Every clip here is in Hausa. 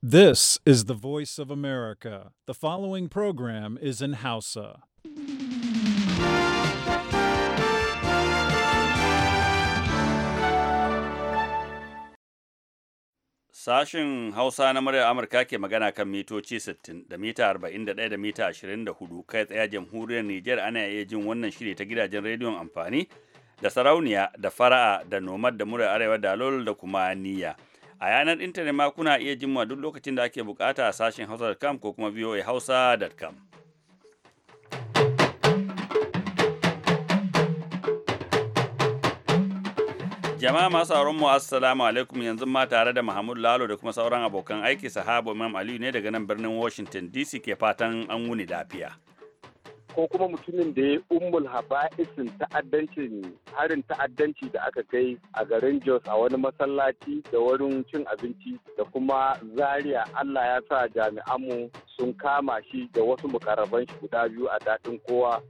This is the voice of America. The following program is in Hausa. Sashen Hausa na muryar Amurka ke magana kan mitoci 60 da mita 41 da mita 24 kai tsaye jamhuriyar Nijar ana iya jin wannan shiri ta gidajen rediyon amfani da sarauniya da fara'a da nomad da muryar arewa da lol da kuma niyya. a yanar intanet ma kuna iya jimma duk lokacin da ake bukata a sashen hausa.com ko kuma hausa.com. jama'a masu sauran mu assalamu alaikum yanzu ma tare da Muhammadu Lalo da kuma sauran abokan aiki sahabo Imam Aliyu ne daga nan birnin Washington DC ke fatan an wuni lafiya. ko kuma mutumin da ya umul haba'isin ta'addancin harin ta'addanci da aka kai a garin Jos a wani masallaci da wurin cin abinci da kuma zaria Allah ya sa jami'anmu sun kama shi da wasu mukarraban shi guda biyu a daɗin kowa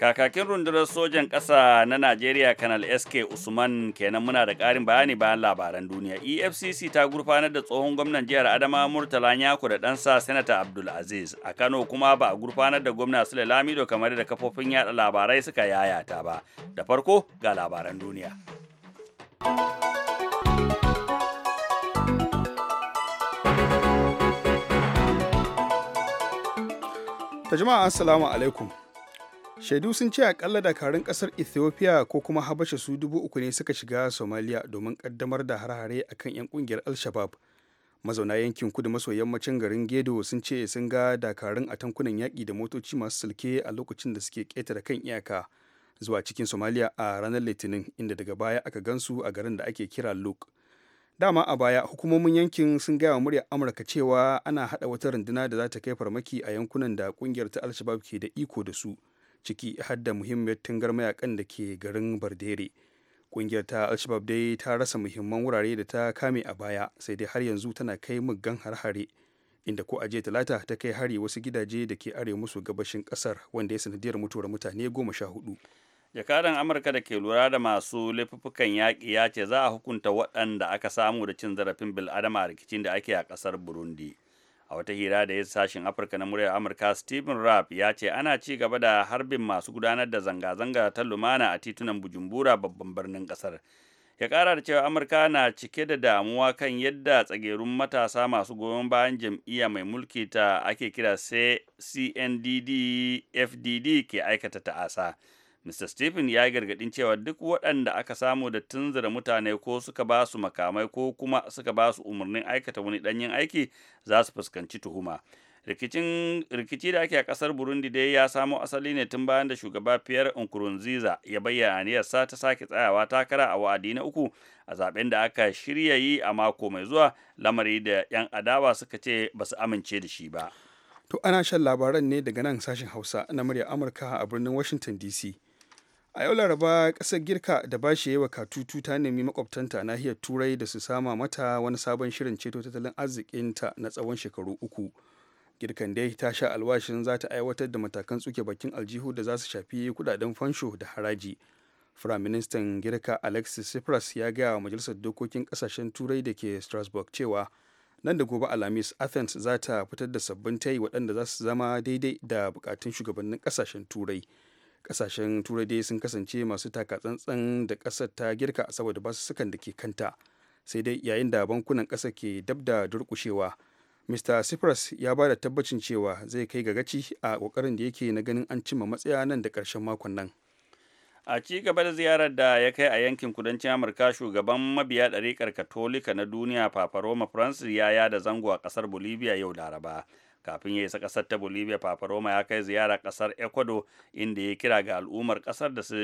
kakakin rundunar sojan ƙasa na najeriya kanal sk usman kenan muna da ƙarin bayani bayan labaran duniya efcc ta gurfanar da tsohon gwamnan jihar adama murtala nyako da ɗansa senata aziz a kano kuma ba a gurfanar da gwamna sule lamido kamar da kafofin yada labarai suka yayata ba da farko ga labaran duniya jama'a assalamu alaikum shaidu sun ce akalla dakarun kasar ethiopia ko kuma habasha su dubu uku ne suka shiga somalia domin kaddamar da a kan 'yan kungiyar al-shabab mazauna yankin kudu maso yammacin garin gedo sun ce sun ga dakarun a tankunan yaƙi da motoci masu sulke a lokacin da suke ƙetare kan iyaka zuwa cikin somalia a ranar litinin inda daga baya aka gansu a garin da ake kira luk dama a baya hukumomin yankin sun gaya wa murya amurka cewa ana haɗa wata runduna da za ta kai farmaki a yankunan da ƙungiyar ta al ke da iko da su ciki har da muhimmiyar tungar mayakan da ke garin bardere kungiyar ta alshabab dai ta rasa muhimman wurare da ta kame a baya sai dai har yanzu tana kai muggan har-hare inda ko aje talata ta kai hari wasu gidaje da ke arewa musu gabashin kasar wanda ya sanadiyar mutuwar mutane goma sha hudu jakadan amurka da ke lura da masu laifuffukan yaƙi ya ce za a hukunta waɗanda aka samu da cin zarafin bil'adama a rikicin da ake a ƙasar burundi a wata hira da ya sashen afirka na muryar amurka stephen rapp ya ce ana ci gaba da harbin masu gudanar da zanga-zanga ta lumana a titunan bujumbura babban birnin kasar ya kara da cewa amurka na cike da damuwa kan yadda tsagerun matasa masu goyon bayan jam'iyya mai mulki ta ake kira cndd fdd ke aikata ta'asa. Mr. Stephen ya yi gargaɗin cewa duk waɗanda aka samu da tunzura mutane ko suka ba su makamai ko kuma suka ba su umarnin aikata wani ɗanyen aiki za su fuskanci tuhuma. rikici da ake a ƙasar Burundi dai ya samo asali ne tun bayan da shugaba Pierre Nkurunziza ya bayyana aniyarsa ta sake tsayawa takara a wa'adi na uku a zaben da aka shirya yi a mako mai zuwa lamari da 'yan adawa suka ce ba su amince da shi ba. To ana shan labaran ne daga nan sashen Hausa na murya Amurka a birnin Washington DC. a yau laraba kasar girka da ba bashi yawa katutu ta nemi makwabtanta nahiyar turai da su sama mata wani sabon shirin ceto tattalin arzikinta na tsawon shekaru uku girkan dai ta sha alwashin za ta aiwatar da matakan tsuke bakin aljihu da za su shafi kudaden fansho da haraji firaministan girka alexis tsipras ya gaya wa majalisar dokokin kasashen turai da ke strasbourg cewa nan da gobe alhamis athens za ta fitar da sabbin tayi waɗanda za su zama daidai da bukatun shugabannin kasashen turai kasashen turai dai sun kasance masu taka tsantsan da ƙasar ta girka saboda sukan da ke kanta sai dai yayin da bankunan ƙasa ke dab da durƙushewa mr cyprus ya ba da tabbacin cewa zai kai gagaci a ƙoƙarin da yake na ganin an cimma matsaya nan da karshen makon nan a ci gaba da ziyarar da ya kai a yankin kudancin amurka shugaban mabiya ɗariƙar katolika na duniya papa roma francis ya yada zango a ƙasar bolivia yau laraba kafin ya isa kasar ta bolivia Papa Roma ya kai ziyara kasar ecuador inda ya kira ga al'ummar kasar da su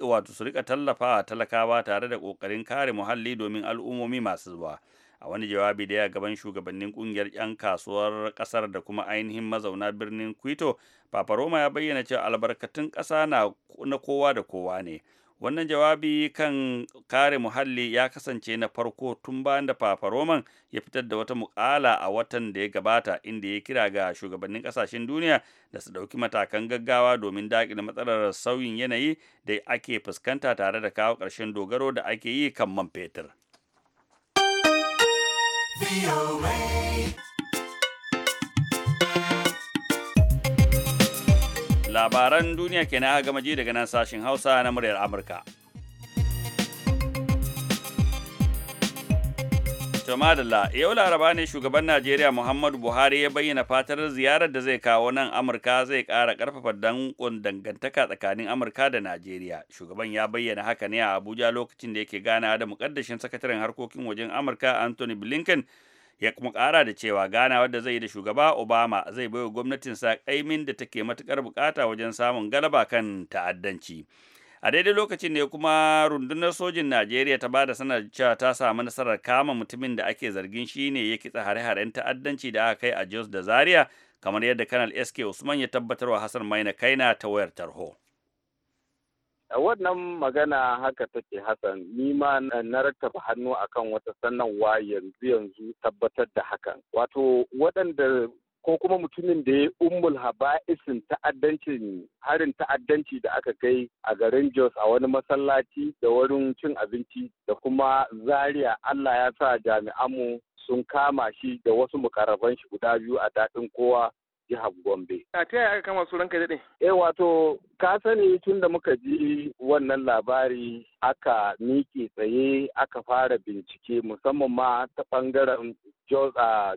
wato su rika tallafawa talakawa tare da kokarin kare muhalli domin al'ummomi masu zuwa a wani jawabi da ya gaban shugabannin ƙungiyar 'yan kasuwar kasar da kuma ainihin mazauna birnin quito Papa Roma ya bayyana cewa albarkatun ƙasa na kowa da kowa ne wannan jawabi kan kare muhalli ya kasance na farko tun bayan da Papa Roman ya fitar da wata mukala a watan da ya gabata inda ya kira ga shugabannin kasashen duniya da su ɗauki matakan gaggawa domin daƙile matsalar sauyin yanayi da ake fuskanta tare da kawo ƙarshen dogaro da ake yi kan man fetur. labaran duniya ke na gama ji daga nan sashen hausa na muryar amurka Jamadala yau laraba ne shugaban Najeriya Muhammadu Buhari ya bayyana fatar ziyarar da zai kawo nan Amurka zai ƙara ƙarfafa danƙon dangantaka tsakanin Amurka da Najeriya. Shugaban ya bayyana haka ne a Abuja lokacin da yake gana da muƙaddashin sakataren harkokin wajen Amurka Anthony Blinken ya kuma kara da cewa gana wadda zai yi da shugaba obama zai baiwa gwamnatin sa kaimin da take matukar bukata wajen samun galaba kan ta'addanci a daidai lokacin ne kuma rundunar sojin najeriya ta bada sanar cewa ta samu nasarar kama mutumin da ake zargin shine ya kitsa hare-haren ta'addanci da aka kai a jos da zaria kamar yadda kanal sk usman ya tabbatarwa hassan maina kaina ta wayar tarho A wannan magana haka take Hassan, nima ma na rattaba hannu akan wata sanarwa yanzu yanzu tabbatar da hakan wato waɗanda ko kuma mutumin da ya ummul haba'isin ta'addancin harin ta'addanci da aka kai a garin Jos a wani masallaci da wurin cin abinci da kuma zaria Allah ya sa jami'anmu sun kama shi da wasu mukarraban shi guda biyu a daɗin kowa jihar Gombe. A ta yaya aka kama su ranka daɗe? Eh wato ka sani tun da muka ji wannan labari aka miƙe tsaye aka fara bincike musamman ma ta ɓangaren Jos a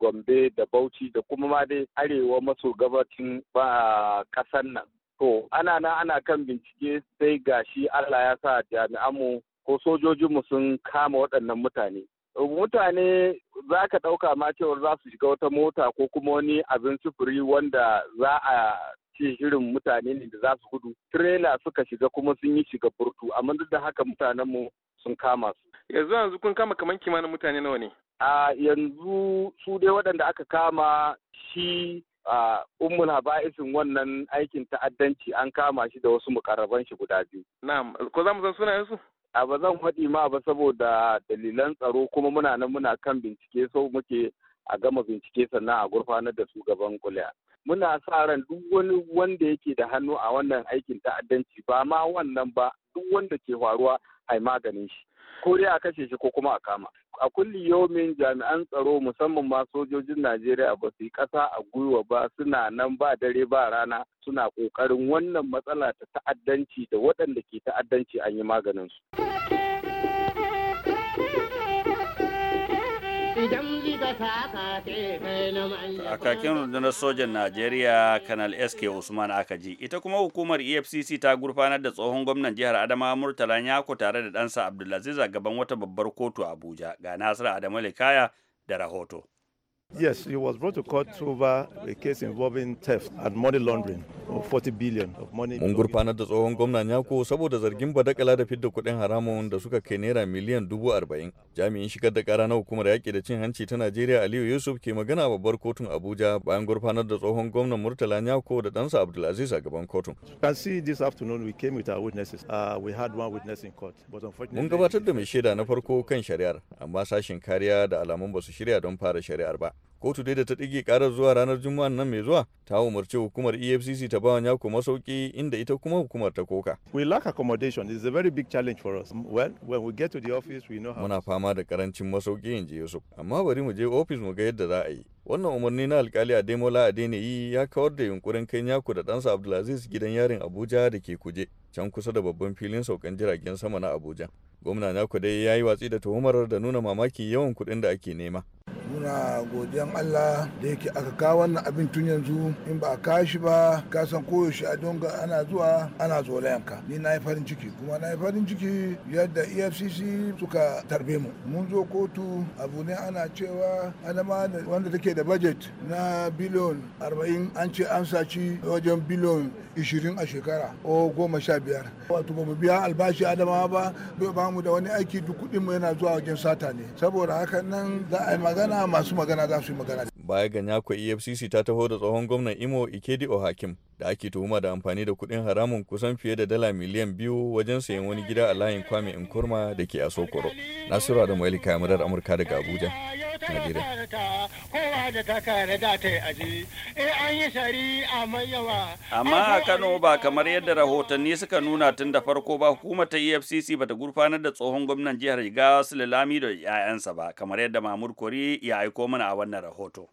Gombe da Bauchi da kuma ma dai arewa maso gabacin ƙasar nan. To ana nan ana kan bincike sai gashi Allah ya sa jami'anmu ko sojojinmu sun kama waɗannan mutane. mutane za ka ɗauka ma cewar za su shiga wata mota ko kuma wani abin sufuri wanda za a ce shirin mutane ne da za su gudu Tirela suka shiga kuma sun yi shiga furtu. amma duk da haka mutanenmu sun kama su yanzu yanzu kun kama kaman kimanin mutane nawa ne a yanzu su dai waɗanda aka kama shi a ummul haba'isin wannan aikin ta'addanci an kama shi da wasu mukarraban shi guda biyu na'am ko za mu san sunayen su a ba zan faɗi ma ba saboda dalilan tsaro kuma muna nan muna kan bincike so muke a gama bincike sannan a gurfanar da su gaban kuliya muna sa ran duk wani wanda yake da hannu a wannan aikin ta'addanci ba ma wannan ba duk wanda ke faruwa ai maganin shi ko dai a kashe shi ko kuma a kama a kulli yomin jami'an tsaro musamman ma sojojin najeriya ba su yi ƙasa a gwiwa ba suna nan ba dare ba rana suna ƙoƙarin wannan matsala ta ta'addanci da waɗanda ke ta'addanci an yi maganin su a kakin rundunar sojan najeriya kanal sk usman akaji ita kuma hukumar efcc ta gurfanar da tsohon gwamnan jihar adama murtala yako tare da ɗansa abdulaziz a gaban wata babbar kotu a abuja ga nasiru adamu likaya da rahoto Yes, he was brought to court over a case involving theft and money laundering of 40 billion of money. Mun gurfana da tsohon gwamnan Yako saboda zargin badakala da fidda kuɗin haramun da suka kai naira miliyan dubu arba'in. Jami'in shigar da kara na hukumar yaƙi da cin hanci ta Najeriya Aliyu Yusuf ke magana a babbar kotun Abuja bayan gurfanar da tsohon gwamnan Murtala Yako da ɗansa Abdulaziz a gaban kotun. You can see this afternoon we came with our witnesses. Uh, we had one witness in court, but unfortunately. Mun gabatar da mai shaida na farko kan shari'ar amma sashen kariya da alamun ba su shirya don fara shari'ar ba kotu dai da ta ɗige karar zuwa ranar juma'an nan mai zuwa ta umarci hukumar efcc ta bawa nyako masauki inda ita kuma hukumar ta koka we lack accommodation is a very big challenge for us well when we get to the office we know how muna fama da karancin masauki in ji yusuf amma bari mu je office mu ga yadda za a yi wannan umarni na alkali ademola adeniyi ya kawar da yunkurin kai nyako da ɗansa abdulaziz gidan yarin abuja da ke kuje can kusa da babban filin saukan jiragen sama na abuja Gwamna naku dai ya yi watsi da tuhumar da nuna mamaki yawan kuɗin da ake nema. muna godiyan Allah da yake aka kawo wannan abin tun yanzu in ba a kawo ba ka san koyaushe a donga ana zuwa ana zolayanka ni na yi farin ciki kuma na yi farin ciki yadda efcc suka tarbe mu mun zo kotu abu ne ana cewa adama wanda take da budget na biliyon 40 an ce an saci wajen biliyon 20 a shekara o goma sha biyar wato ba mu biya albashi adama ba bai ba mu da wani aiki duk kuɗin mu yana zuwa wajen sata ne saboda haka nan za a yi magana masu magana za su yi magana. Baya ga Nyako EFCC ta taho da tsohon gwamnan Imo Ikedi Ohakim da ake tuhuma da amfani da kuɗin haramun kusan fiye da dala miliyan biyu wajen sayan wani gida a layin kwame nkurma da ke a sokoro nasiru adamu lika kamarar amurka daga abuja najeriya eh, amma a kano ba kamar yadda rahotanni suka nuna tun da farko ba hukumar ta efcc bata gurfanar da tsohon gwamnan jihar gawa sulalami da 'ya'yansa ba kamar yadda mamur kori ya aiko mana a wannan rahoto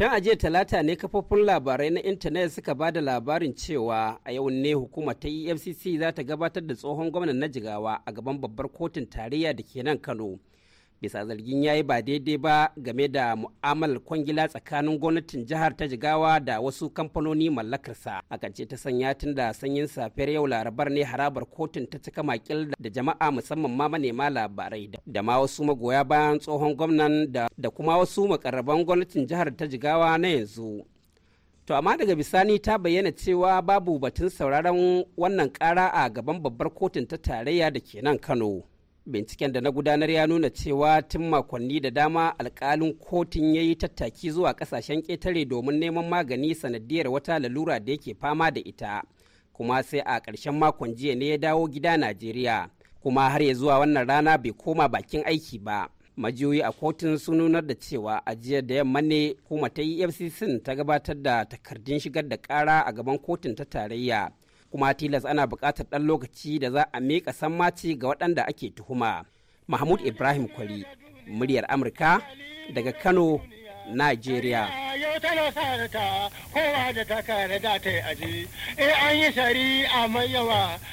tan a talata ne kafofin labarai na intanet suka ba da labarin cewa a yau ne hukumar ta EFCC za ta gabatar da tsohon gwamnan na jigawa a gaban babbar kotun tarayya da ke nan Kano bisa zargin ya yi ba daidai ba game da mu'amalar kwangila tsakanin gwamnatin jihar ta jigawa da wasu kamfanoni mallakarsa a ce ta sanya tun da sanyin safiyar yau larabar ne harabar kotun ta cika makil da jama'a musamman ma manema labarai da ma wasu magoya bayan tsohon gwamnan da kuma wasu makarraban gwamnatin jihar ta jigawa na yanzu to amma daga bisani ta bayyana cewa babu batun sauraron wannan kara a gaban babbar kotun ta tarayya da ke nan kano binciken da na gudanar ya nuna cewa tun makonni da dama alkalin kotun ya yi tattaki zuwa kasashen ƙetare domin neman magani sanadiyar wata lalura da yake fama da ita kuma sai a ƙarshen makon jiya ne ya dawo gida najeriya kuma har ya zuwa wannan rana bai koma bakin aiki ba majiyoyi a kotun sun nunar da cewa a da yamma ne kuma ta yi e efcc ta gabatar da takardun shigar da kara a gaban kotun ta tarayya kuma tilas ana bukatar ɗan lokaci da za a miƙa sammaci ga waɗanda ake tuhuma. Mahmud Ibrahim Kwari, muryar Amurka daga Kano, Najeriya. Eh,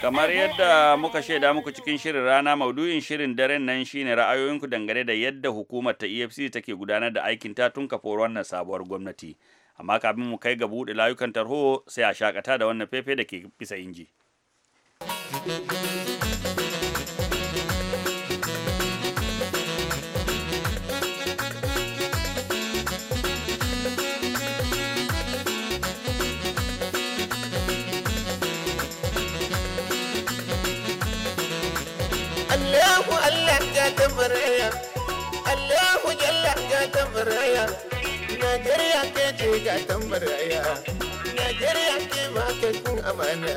Kamar yadda muka shaida muku cikin shirin rana maudu'in shirin daren nan shine ra'ayoyinku dangane da yadda hukumar ta EFC take gudanar da aikin ta tun kafo wannan sabuwar gwamnati. amma kafin mu kai ga buɗe layukan tarho sai a shakata da wannan fefe da ke bisa inji. Allahu Allah ta tabaraya Allahu Jalla ta tabaraya Najeriya buga tambar aya Najeriya ke kun amana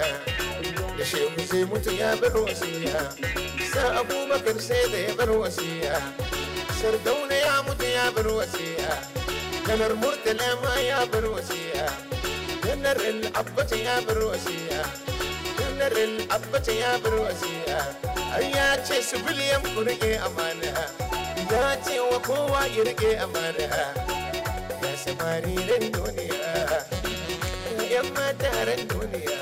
da shehu sai mutu ya bar wasiya sa abubakar sai da ya bar wasiya sardauna ya mutu ya bar wasiya kanar murtala ma ya bar wasiya kanar al'abbata ya bar wasiya kanar al'abbata ya bar wasiya an ya ce su biliyan ku rike amana ya ce wa kowa ya rike amana samaririn duniya yan mataran duniya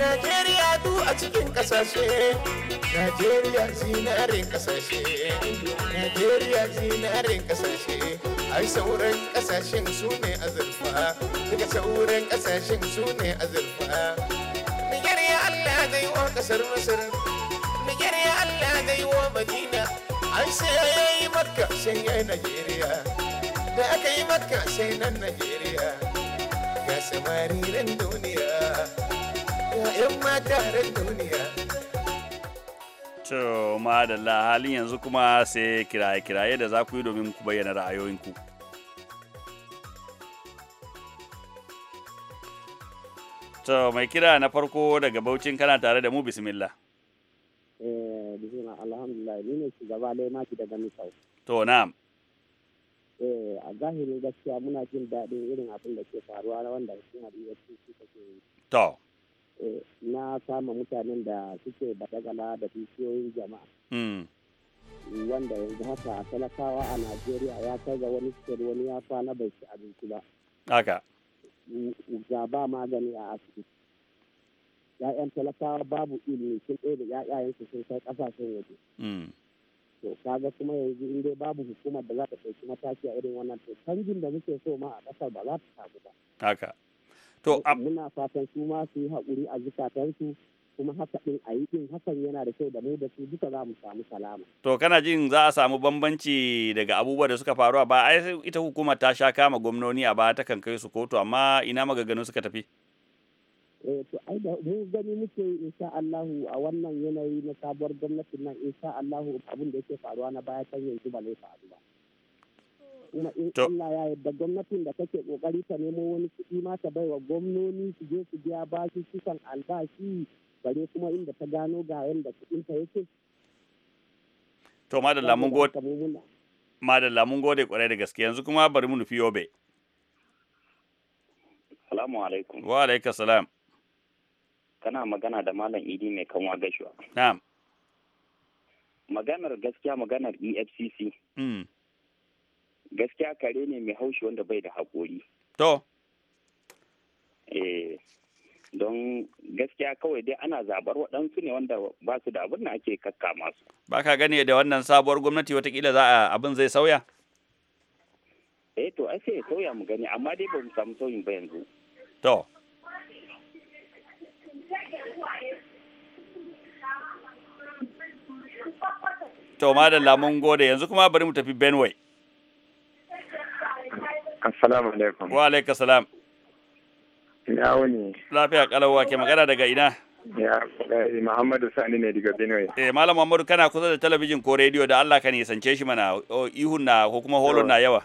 Najeriya du a cikin kasashe, Najeriya zinarin kasashe, Najeriya zinarin kasashe, ai sauran kasashen su ne azurfa, daga sauran kasashen su ne azurfa. Niger ya Allah zai wa kasar Masar, Niger ya Allah zai wa Madina, ai sai ya yi Makka sai ya yi Najeriya, da aka yi Makka sai nan Najeriya, ga samariran duniya. To, madalla halin yanzu kuma sai kiraye-kiraye da za ku yi domin ku bayyana ra'ayoyinku. To, mai kira na farko daga Baucin kana tare da mu bismillah. Eh, bismillah, alhamdulillah, ni ne shugaba Laimaki daga Misau. To, na'am. Eh, a zahirin gaskiya muna jin daɗin irin abin da ke faruwa na wanda hukumar EFCC take To. Eh, na kama mutanen da suke badagala da fisiyoyin jama'a hmm. wanda yanzu haka talakawa a najeriya ya kai wani sukari wani ya kwana bai ci abinci ba haka ga ba magani a asibiti ya'yan talakawa babu ilimi sun ɗaya da su sun kai ƙasashen waje hmm. to kaga kuma yanzu in dai babu hukumar da za ta ɗauki mataki a irin wannan to canjin da muke so ma a ƙasar ba za ta samu ba To muna fatan su ma su yi haƙuri a zukatansu kuma haka ɗin a yi ɗin hakan yana da kyau da mu da su duka za mu samu salama. To kana jin za a samu bambanci daga abubuwa da suka faru a ba ai ita hukumar ta sha kama gwamnoni a ba ta kan kai su kotu amma ina magaganu suka tafi. Eh to ai da mu gani muke insha Allahu a wannan yanayi na sabuwar gwamnati nan insha Allahu abin da yake faruwa na baya kan yanzu ba zai faru ba. kuma in Allah ya yarda gwamnatin da take kokari ta nemo wani kuɗi ma ta baiwa gwamnoni su je su biya bashi sukan albashi bare kuma inda ta gano ga yanda kuɗin ta yake to madalla mun gode madalla mun gode kwarai da gaske yanzu kuma bari mu nufi yobe Salamu alaikum. Wa alaikum salam. Kana magana da Malam Idi mai kanwa gashuwa. Na'am. Maganar gaskiya maganar EFCC. Mm. gaskiya kare ne mai haushi wanda bai da haƙori to eh don gaskiya kawai dai ana zabar waɗansu ne wanda ba su da abin da ake kakka masu ba ka gane da wannan sabuwar gwamnati watakila za a abin zai sauya eh to ai sai ya sauya mu gani amma dai ba mu samu sauyin ba yanzu to to madalla mun gode yanzu kuma bari mu tafi benway Assalamu alaikum. Wa alaikum salam. Ina wani. Lafiya kalawa ke magana daga ina? Ya, eh, Muhammadu Sani ne daga Benue. Eh, Malam Muhammadu kana kusa da talabijin ko rediyo da Allah ka nisance shi mana ihun na ko kuma holon na yawa.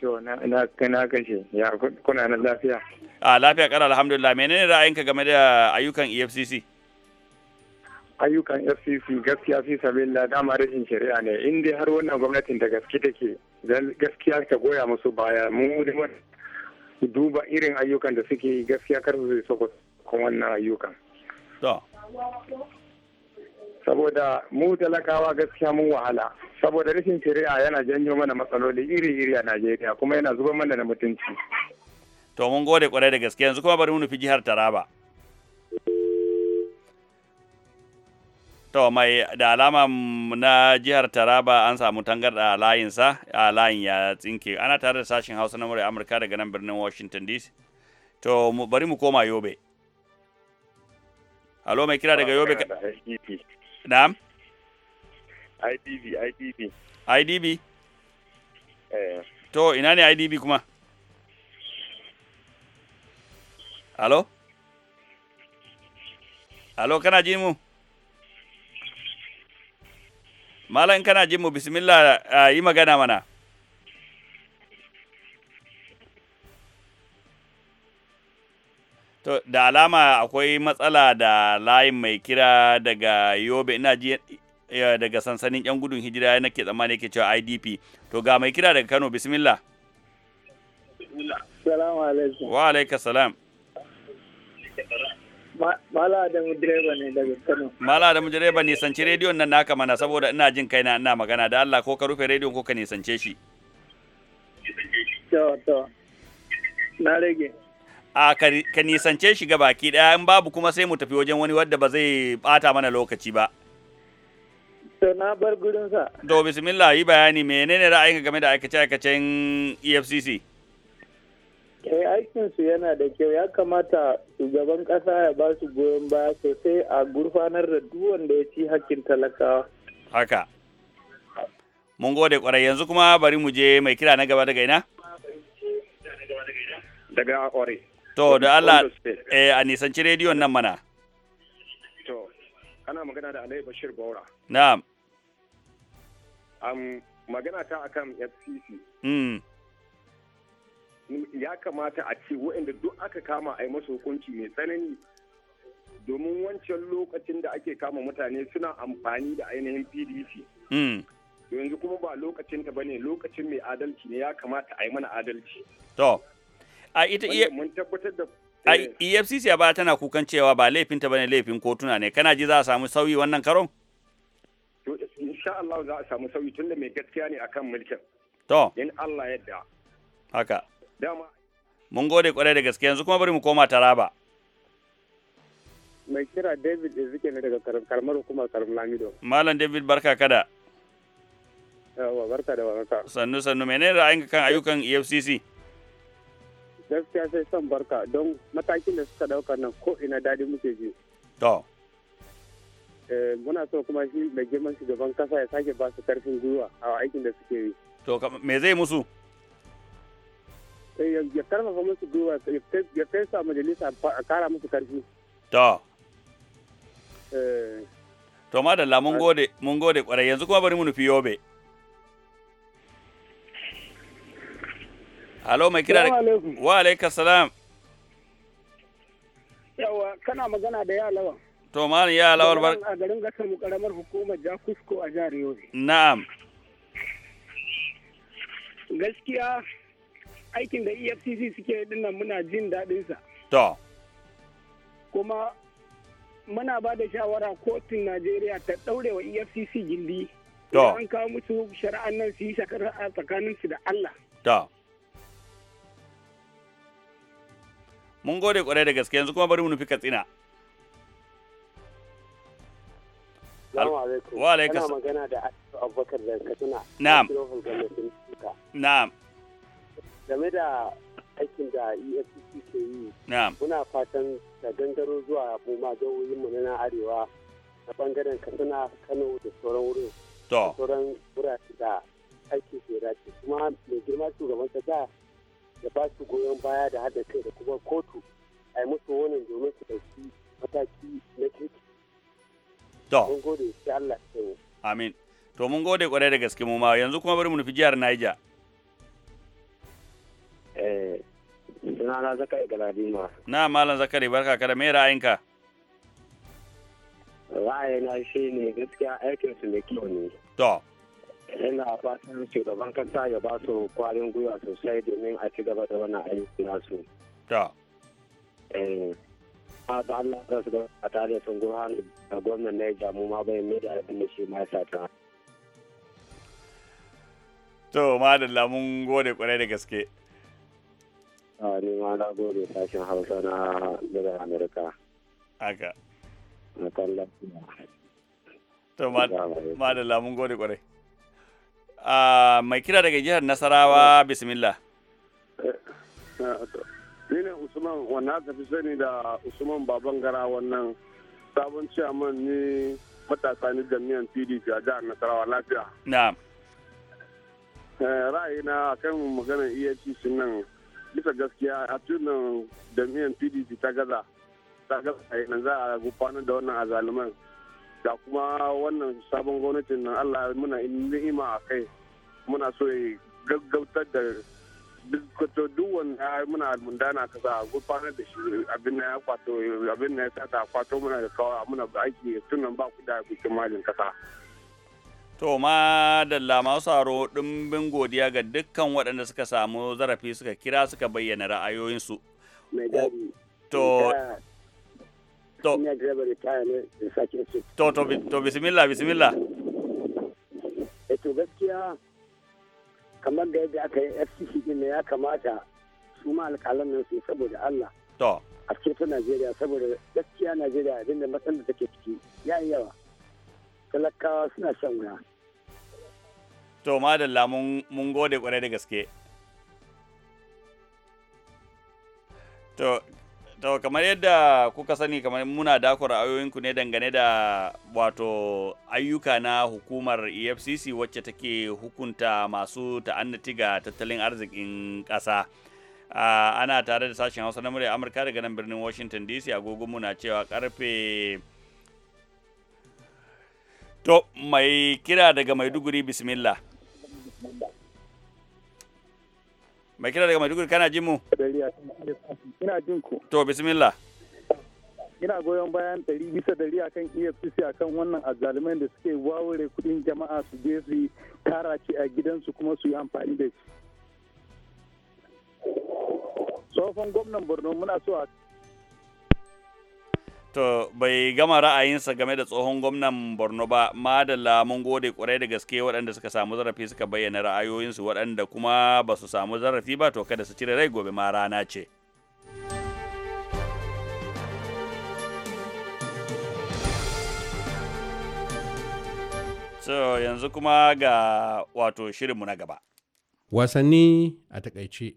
To, na na kashe. Ya, kuna nan lafiya. Ah, lafiya kara alhamdulillah. Menene ra'ayinka game da ayyukan EFCC? Ayyukan e FCC gaskiya fi sabilillah dama rashin shari'a ne. In har wannan gwamnatin da gaske take don gaskiya ta goya musu baya mu duba irin ayyukan da suke gaskiya kar su zai soko kan wannan ayyukan saboda mu talakawa gaskiya mun wahala saboda rashin shari'a yana janyo mana matsaloli iri-iri a najeriya kuma yana zuba mana da mutunci to mun gode kwarai da gaskiya yanzu kuma bari mu nufi jihar taraba to mai da alama na jihar taraba an samu tangarda a layinsa a layin ya tsinke ana tare da sashen hausa na murai amurka daga nan birnin washington dc to bari mu koma yobe halo mai kira daga yobe na'am idb idb idb eh. to ina ne idb kuma halo halo kana ji mu malam kana jin mu bismillah yi magana mana To, da alama akwai matsala da layin mai kira daga Yobe, ina ji daga sansanin 'yan gudun hijira na ke tsammani ke cewa IDP. To, ga mai kira daga Kano, bismillah. Salamu alaikum. Wa alaikasalam salam. Mala Adamu direba ne daga Kano. Mala Adamu direba rediyon nan naka mana saboda ina jin kaina ina magana da Allah ko ka rufe rediyon ko ka nisance shi. Na rage. A ka nisance shi ga baki daya in babu kuma sai mu tafi wajen wani wadda ba zai bata mana lokaci ba. To na bar gurinsa. To bismillah yi bayani menene ra'ayinka game da aikace-aikacen EFCC? yi eh, aikinsu yana da kyau ya kamata shugaban kasa ya ba su goyon baya sosai a gurfanar da duk wanda ya ci hakkin talakawa haka mun gode kwarai yanzu kuma bari mu je mai kira na gaba daga ina daga ore to da Allah eh a nisanci rediyon nan mana to ana magana da Alayi Bashir Baura na'am magana ta akan FCC mm ya kamata a ce waɗanda duk aka kama a yi masa hukunci mai tsanani domin wancan lokacin da ake kama mutane suna amfani da ainihin pdp hmm. yanzu kuma ba lokacin ta bane lokacin mai adalci ne ya kamata a yi mana adalci to a ita e mun tabbatar da a efcc eh. e a baya tana kukan cewa ba laifinta bane laifin kotuna ne kana ji za a samu sauyi wannan karon to insha Allah za a samu sauyi tunda mai gaskiya ne akan mulkin to in Allah yadda haka Mun gode kwarai da gaske yanzu kuma bari mu koma Taraba. Mai kira David Ezekiel ne daga karamar hukumar Karim Lamido. Malam David barka kada. Yawa barka da warhaka. Sannu sannu menene ra'ayinka kan ayyukan EFCC? Gaskiya sai son barka don matakin da suka dauka nan ko ina dadi muke ji. To. Eh, muna so kuma shi mai girman shugaban kasa ya sake ba su karfin gwiwa a aikin da suke yi. To me zai musu? ya karfafa musu gwiwa ya kai su a majalisa a kara musu karfi to eh. to madalla mun gode mun gode kwarai yanzu kuma bari mu nufi yobe Halo mai kira da wa alaika salam yawa kana magana da yalawa to malam ya lawal bar a garin gasar mu karamar hukumar Jakusko a jihar Yobe na'am gaskiya aikin da efcc suke dinnan muna jin sa. to kuma muna ba da shawara kotun najeriya ta ɗaure wa efcc gindi to an kawo musu shari'an nan su yi shakar tsakaninsu da allah to mun gode kwarai da gaske yanzu kuma bari mu nufi katsina wa alaikum magana da abubakar da katsina na'am na'am game da aikin da efcc ke yi muna fatan da gangaro zuwa boma mu na arewa na bangaren katsina kano da sauran wurin da sauran wurare da aiki ke dace kuma mai girma shugaban kasa da ba su goyon baya da hada kai da kuma kotu a yi musu wannan domin su ɗauki mataki na kirki. To. Mun gode, sai Allah ya Amin. To mun gode kwarai da gaske mu ma yanzu kuma bari mu nufi jihar Niger. Sunana eh, Zakari Galadima. Na Malam Zakari barka kada me ra'ayinka? Ra'ayina shi ne gaskiya aikin su mai kyau ne. To. Ina fatan shugaban kasa ya ba su kwarin gwiwa sosai domin a ci gaba da wannan aiki nasu. To. Eh. da Allah ta su a tare sun gurhan da gwamnan na ya jamu ma bai mai da abin da shi ma ya sa ta. To, madalla mun gode kwarai da gaske. a nema na gode sashen hausa na daga amurka haka na kan lafiya to madalla mun gode kwarai mai kira daga jihar nasarawa bismillah eh, eh, ni ne usman wannan tafi sani da usman baban gara wannan sabon ciyaman ni matasa ni jami'an pdp a jihar nasarawa lafiya na eh, ra'ayi na kan maganar efcc nan bisa gaskiya a tunan jami'an pdp ta gaza ta gaza a za a gufanar da wannan azaluman da kuma wannan sabon gwamnatin nan allah muna ni'ima a kai muna so ya gaggautar da dukkato duk wanda muna almundana ka za a gufanar da shi abin na ya kwato abin na ya sata kwato muna da kawo muna aiki tunan ba ku da bikin malin kasa To ma dalla masu saro ɗimbin godiya ga dukkan waɗanda suka samu zarafi suka kira suka bayyana ra'ayoyinsu. To to to to to bismillah bismillah. E to gaskiya kamar da yadda aka yi FCC din ya kamata su ma alƙalan nan su saboda Allah. To. A ta Najeriya saboda gaskiya Najeriya abinda matsalar da take ciki ya yi yawa. Talakawa suna shan wuya. to madalla mun gode kwarai da gaske to to kamar yadda kuka sani kamar muna dako ra'ayoyinku ne dangane da wato ayyuka na hukumar efcc wacce take hukunta masu ta'annati ga tattalin arzikin ƙasa ana tare da sashen hausa na murya amurka daga nan birnin washington dc agogonmu na cewa karfe to mai kira daga maiduguri bismillah mai kira daga maiduguri kana jin mu ina jin ku to bismillah ina goyon bayan ɗari bisa ɗari akan efcc akan wannan azzalumai da suke wawure kuɗin jama'a su je su tara ci a gidansu kuma su yi amfani da shi tsohon gwamnan borno muna so a To bai gama ra'ayinsa game da tsohon gwamnan Borno ba, ma da lamun gode kwarai da gaske waɗanda suka samu zarafi suka bayyana ra'ayoyinsu waɗanda kuma ba su samu zarafi ba to kada su cire rai gobe ma rana ce. So yanzu kuma ga wato shirinmu na gaba. Wasanni a takaice.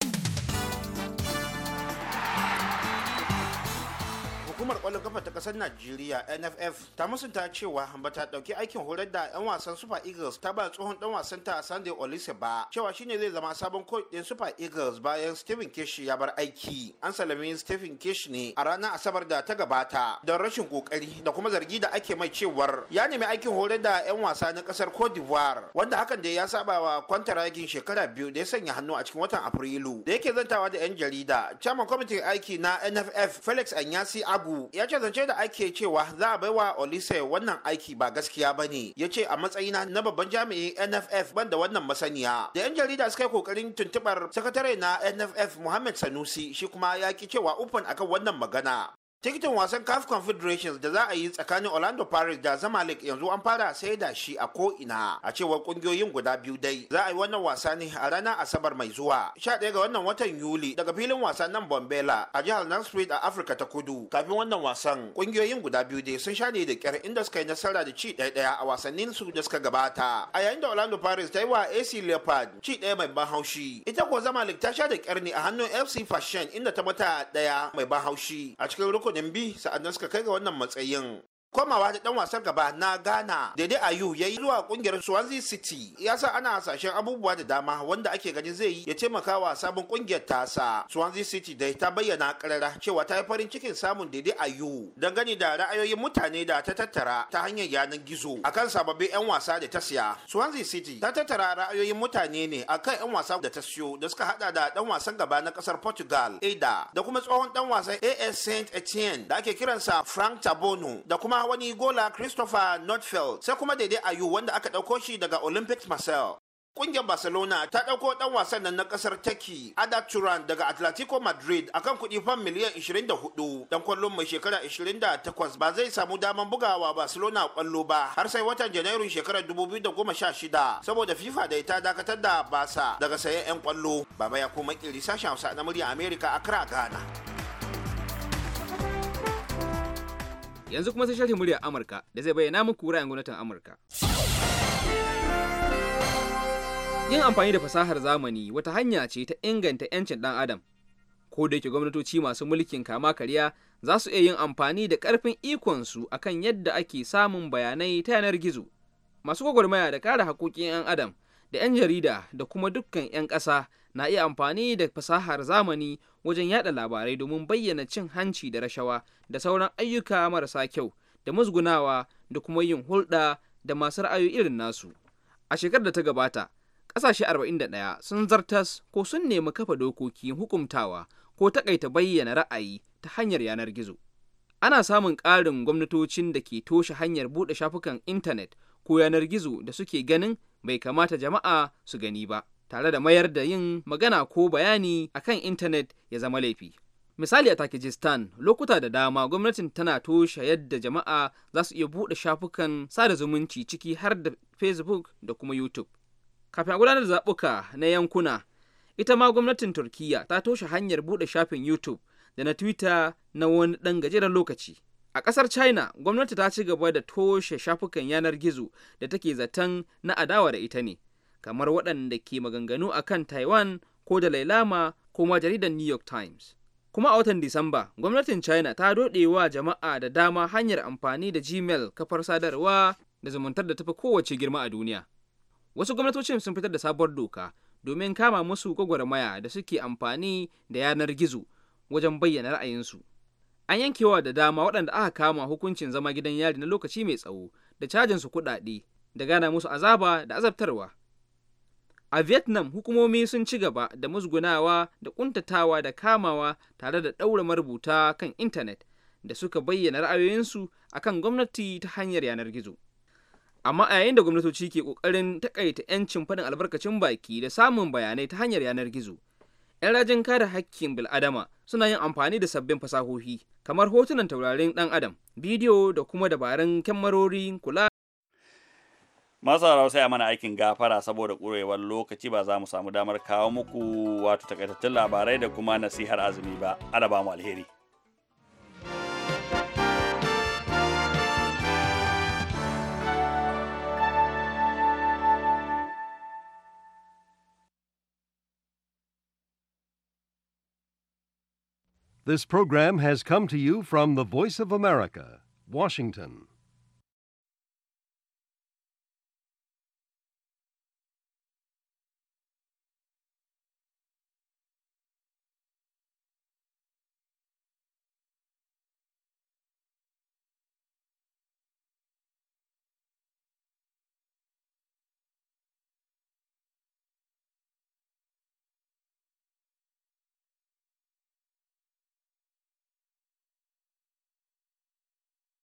hukumar kafa ta kasar Najeriya NFF ta musunta cewa bata dauki aikin horar da yan wasan Super Eagles ta ba tsohon dan wasan ta Sunday Olise ba cewa shine zai zama sabon coach din Super Eagles bayan Stephen Kish ya bar aiki. An salami Stephen Kish ne a ranar Asabar da ta gabata don rashin kokari da kuma zargi da ake mai cewar ya nemi aikin horar da yan wasa na kasar Cote d'Ivoire wanda hakan da ya saba wa kwantaragin shekara biyu da ya sanya hannu a cikin watan Afrilu da yake zantawa da yan jarida. Chairman kwamitin aiki na NFF Felix Anyasi Agu ya ce zance da ake cewa za a baiwa olise wannan aiki ba gaskiya ba ne ya ce a matsayina na babban jami'in nff ban da wannan masaniya da yan jarida suka yi kokarin tuntubar sakatare na nff muhammad sanusi shi kuma ya ki cewa ufan akan wannan magana tikitin wasan caf confederations da za a yi tsakanin orlando paris da zamalek yanzu an fara sai da shi a ko ina a cewar kungiyoyin guda biyu dai za a yi wannan wasa ne a ranar asabar mai zuwa 11 ga wannan watan yuli daga filin wasan nan bombela a jihar Street a afirka ta kudu kafin wannan wasan kungiyoyin guda biyu dai sun sha ne da kyar inda suka yi nasara da ci daya daya a wasannin su da suka gabata a yayin da orlando paris ta yi wa ac leopard ci ɗaya mai ban haushi ita ko zamalek ta sha da kyar ne a hannun fc fashion inda ta mata daya mai ban haushi a cikin rukun bi sa'annan suka kai ga wannan matsayin komawa da dan wasan gaba na ghana daidai ayu ya yi zuwa kungiyar swansea city ya sa ana hasashen abubuwa da dama wanda ake ganin zai yi ya taimaka wa sabon kungiyar tasa swansea city da ta bayyana karara cewa ta yi farin cikin samun daidai ayu dangane da ra'ayoyin mutane da ta tattara ta hanyar yanar gizo akan sababbin yan wasa da ta siya swansea city ta tattara ra'ayoyin mutane ne akan yan wasa da ta siyo da suka hada da dan wasan gaba na kasar portugal ada da kuma tsohon dan wasan as saint etienne da ake kiransa frank tabono da kuma wani gola Christopher Nordfeld sai kuma daidai Ayu wanda aka ɗauko shi daga Olympics Marcel. Ƙungiyar Barcelona ta ɗauko ɗan wasan nan na ƙasar Turkey, Ada Turan daga Atletico Madrid akan kuɗi fan miliyan 24. Dan kwallon mai shekara 28 ba zai samu daman bugawa Barcelona kwallo ba har sai watan Janairun shekarar 2016 saboda FIFA da ita dakatar da Basa daga sayen 'yan kwallo. Baba ya kuma ƙiri sashen Hausa na murya Amerika a Accra, Ghana. Yanzu kuma sai sharhin muryar Amurka da zai bayyana muku ra'ayin gwamnatin Amurka. Yin amfani da fasahar zamani wata hanya ce ta inganta 'yancin ɗan adam. Ko da yake gwamnatoci masu mulkin kama karya za su iya yin amfani da ƙarfin ikonsu akan yadda ake samun bayanai ta yanar gizo. Masu gwagwarmaya da kare haƙoƙin 'yan adam da 'yan jarida da kuma dukkan 'yan ƙasa na iya amfani da fasahar zamani wajen yada labarai domin bayyana cin hanci da rashawa da sauran ayyuka marasa kyau da musgunawa da kuma yin hulɗa da masu ra'ayoyi irin nasu a shekarar da ta gabata ƙasashe 41 sun zartas ko sun nemi kafa dokoki hukumtawa ko takaita bayyana ra'ayi ta hanyar yanar gizo ana samun ƙarin gwamnatocin da ke toshe hanyar buɗe shafukan intanet ko yanar gizo da suke ganin bai kamata jama'a su gani ba tare da mayar da yin magana ko bayani akan intanet ya zama laifi misali a takijistan lokuta da dama gwamnatin tana toshe yadda jama'a za su iya buɗe shafukan sada zumunci ciki har da facebook da kuma youtube kafin a gudanar zaɓuka na yankuna ita ma gwamnatin Turkiyya ta toshe hanyar buɗe shafin youtube da na twitter na wani ɗan gajeren lokaci a ƙasar china gwamnati ta ci gaba da toshe shafukan yanar gizo da take zaton na adawa da ita ne kamar waɗanda ke maganganu a kan Taiwan ko da Lailama ko ma jaridar New York Times. Kuma a watan Disamba, gwamnatin China ta doɗe wa jama'a da dama hanyar amfani da Gmail kafar sadarwa da zumuntar da tafi kowace girma a duniya. Wasu gwamnatocin sun fitar da sabuwar doka domin kama musu gwagwarmaya da suke amfani da yanar gizo wajen bayyana ra'ayinsu. An yankewa da dama waɗanda aka kama hukuncin zama gidan yari na lokaci mai tsawo da cajin su kuɗaɗe da gana musu azaba da azabtarwa. A Vietnam hukumomi sun ci gaba da musgunawa da kuntatawa da kamawa tare da ɗaura marubuta kan intanet da suka bayyana ra'ayoyinsu a kan gwamnati ta hanyar yanar gizo. Amma a yayin da gwamnatoci ke ƙoƙarin takaita 'yancin faɗin albarkacin baki da samun bayanai ta hanyar yanar gizo, 'yan rajin kare haƙƙin bil'adama suna yin amfani da sabbin fasahohi kamar hotunan taurarin ɗan adam, bidiyo da kuma dabarun kyamarorin kula masu mana aikin gafara saboda ƙurewar lokaci ba za mu samu damar kawo muku wato takaitattun labarai da kuma nasihar azumi ba mu alheri This program has come to you from the Voice of America, Washington.